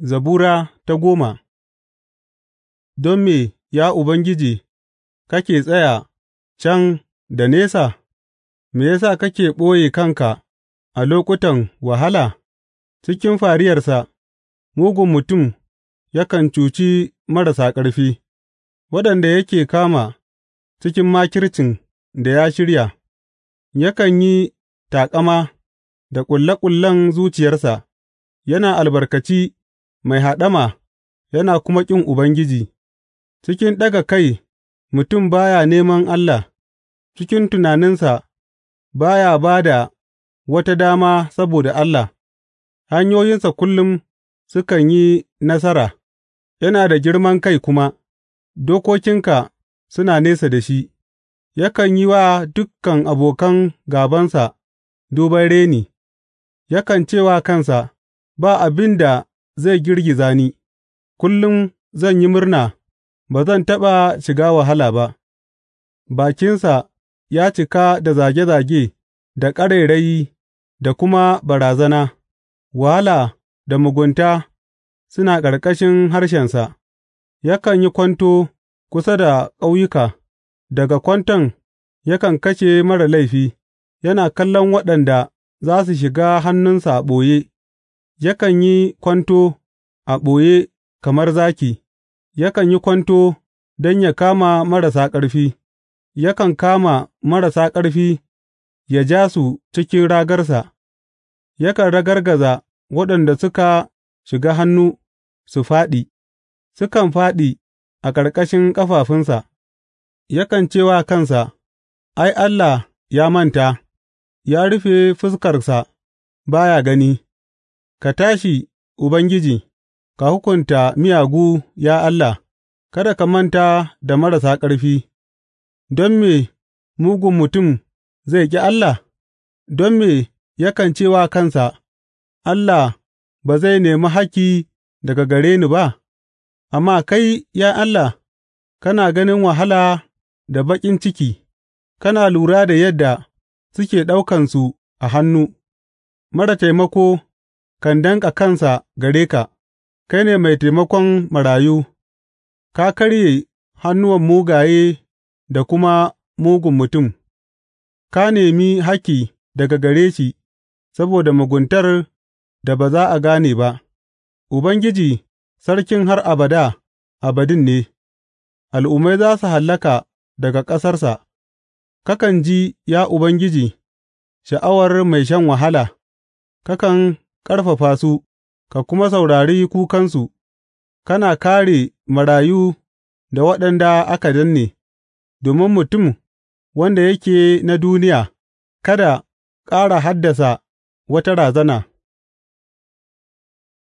Zabura ta goma Don me, ya Ubangiji, kake tsaya can da nesa, me ya sa kake ɓoye kanka a lokutan wahala, cikin fariyarsa, mugun mutum yakan cuci marasa ƙarfi, waɗanda yake kama cikin makircin da ya shirya, yakan yi taƙama da ƙulle ƙullen zuciyarsa, yana albarkaci. mai haɗama yana kuma ƙin Ubangiji, cikin ɗaga kai mutum ba ya neman Allah, cikin tunaninsa ba ya ba da wata dama saboda Allah, hanyoyinsa kullum sukan yi nasara, yana da girman kai kuma, dokokinka suna nesa da shi, yakan yi wa dukkan abokan gabansa, duban reni, yakan ce wa kansa, Ba abin da zai girgiza ni; kullum zan yi murna ba zan taɓa shiga wahala ba; bakinsa ya cika da zage zage da ƙarairayi da kuma barazana, wahala da mugunta suna ƙarƙashin harshensa; yakan yi kwanto kusa da ƙauyuka, daga kwanton yakan kashe mara laifi, yana kallon waɗanda za su shiga hannunsa ɓoye. yakan yi kwanto a ɓoye kamar zaki, yakan yi kwanto don yă kama marasa ƙarfi, yakan kama marasa ƙarfi yă ja su cikin ragarsa, yakan ragargaza waɗanda suka shiga hannu su fāɗi, sukan fāɗi a ƙarƙashin ƙafafunsa, yakan ce wa kansa, Ai, Allah ya manta, ya rufe fuskarsa ba ya gani. Ka tashi, Ubangiji, ka hukunta miyagu, ya Allah; kada ka manta da marasa ƙarfi, don me mugun mutum zai ƙi Allah, don me yakan ce wa kansa, Allah ba zai nemi hakki daga gare ni ba, amma kai, ya Allah, kana ganin wahala da baƙin ciki, kana lura da yadda suke ɗaukansu a hannu, Mara taimako. kan danƙa kansa gare ka, kai ne mai taimakon marayu, ka karye hannuwan mugaye da kuma mugun mutum, ka nemi hakki daga gare shi saboda muguntar da ba za a gane ba, Ubangiji sarkin har abada abadin ne, al'ummai za su hallaka daga ƙasarsa, kakan ji, ya Ubangiji, sha'awar mai shan wahala, kakan ƙarfafa su, ka kuma saurari kukansu, kana kāre marayu da waɗanda aka danne, domin mutum wanda yake na duniya kada ƙara haddasa wata razana.